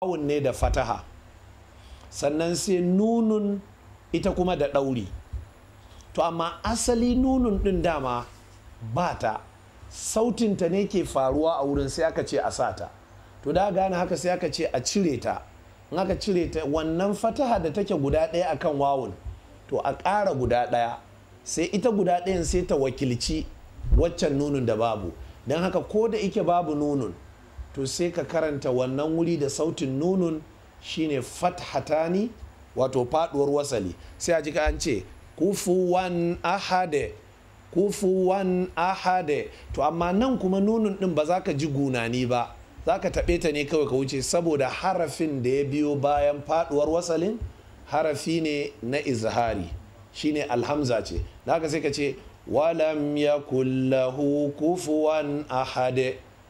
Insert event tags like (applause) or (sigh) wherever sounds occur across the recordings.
wawun ne da fataha sannan sai nunun ita kuma da ɗauri to amma asali nunun ɗin dama ba ta sautinta ne ke faruwa a wurin sai aka ce a sata to da gane haka sai aka ce a cire ta in aka cire ta wannan fataha da take guda ɗaya akan wawun to a ƙara guda ɗaya sai ita guda ɗayan sai ta wakilci waccan nunun da babu don haka ko da ike babu nunun to sai ka karanta wannan wuri da sautin nunun shine fathatani wato faduwar wasali sai a jika an ce kufuwan ahade kufuwan ahade to amma nan kuma nunun din ba za ka ji gunani ba za ka taɓe ta ne kawai ka wuce saboda harafin da ya biyo bayan faduwar wasalin harafi ne na izhari shine alhamza ce da sai ka ce walam ya kullahu kufuwan ahade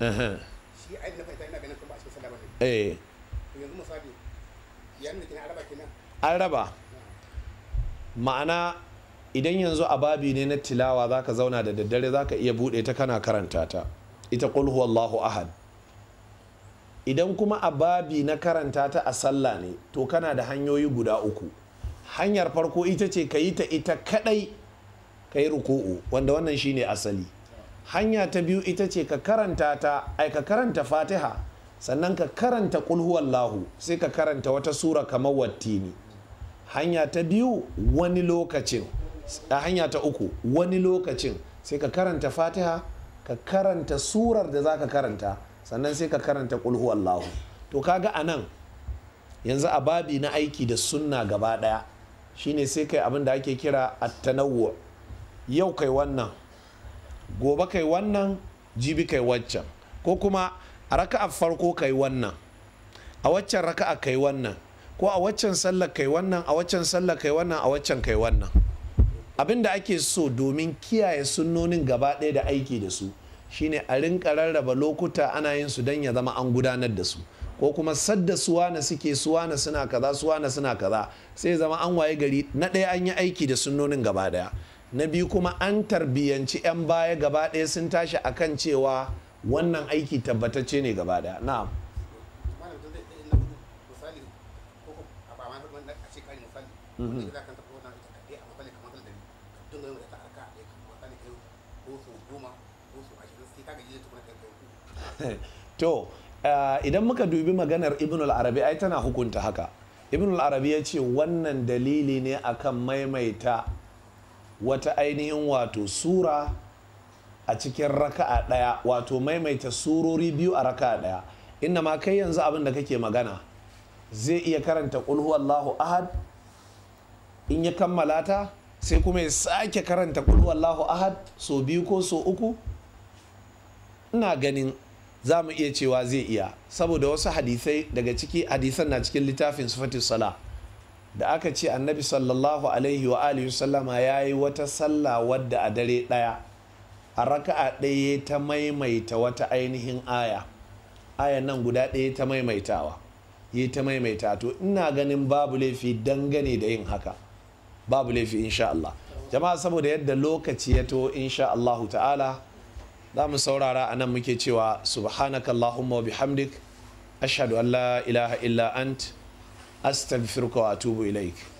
Eh. an raba ma'ana idan yanzu a babi ne na tilawa zaka zauna da daddare zaka iya bude ta kana karanta ta ita kulhu huwallahu ahad idan kuma a babi na karanta ta a sallah ne to kana da hanyoyi guda uku hanyar farko ita ce ka yi ta ita kadai ka yi ruku'u wanda wannan shine asali hanya ta biyu ita ce ka karanta ta ai ka karanta fatiha sannan ka karanta kulhuwallahu sai ka karanta wata sura kamar wattini hanya ta biyu wani lokacin hanya ta uku wani lokacin sai ka karanta fatiha ka karanta surar da za ka karanta sannan sai ka karanta kulhuwallahu to kaga a nan yanzu a babi na aiki da sunna gaba daya shine sai kai abin da ake kira at yau kai wannan gobe kai wannan jibi kai waccan ko kuma a raka'a farko kai wannan a waccan raka'a kai wannan ko a waccan sallar kai wannan a waccan sallar kai wannan a waccan kai wannan abin da ake so domin kiyaye sunnonin gaba ɗaya da aiki da su shine a rinka rarraba lokuta ana yin su don ya zama an gudanar da su ko kuma sadda suwana suke suwana suna kaza suwana suna kaza sai zama an waye gari na ɗaya an yi aiki da sunnonin gaba ɗaya na biyu kuma an tarbiyyanci 'yan baya gaba ɗaya sun tashi akan cewa wannan aiki tabbatacce ne gaba ɗaya na (laughs) to eh, idan muka dubi maganar ibn al-arabi ai tana hukunta haka ibn al-arabi ya ce wannan dalili ne akan maimaita wata ainihin wato sura a cikin raka'a ɗaya wato maimaita surori biyu a raka'a ɗaya inda ma kai yanzu abin da kake magana zai iya karanta ƙulhu Allahu ahad in ya kammala ta sai kuma ya sake karanta ƙulhu Allahu ahad so biyu ko so uku ina ganin za mu iya cewa zai iya saboda wasu hadisai daga ciki hadisan na cikin littafin sufatu sala da aka ce annabi sallallahu alaihi wa alihi sallama ya yi wata sallah wadda a dare ɗaya a raka'a ɗaya ta maimaita wata ainihin aya ayan nan guda ɗaya ta maimaitawa yi ta maimaita to ina ganin babu laifi dangane da yin haka babu laifi insha Allah jama'a saboda yadda lokaci ya to insha Allah ta'ala za mu saurara a nan muke cewa subhanakallahumma wa bihamdik ashadu an la ilaha illa ant أستغفرك وأتوب إليك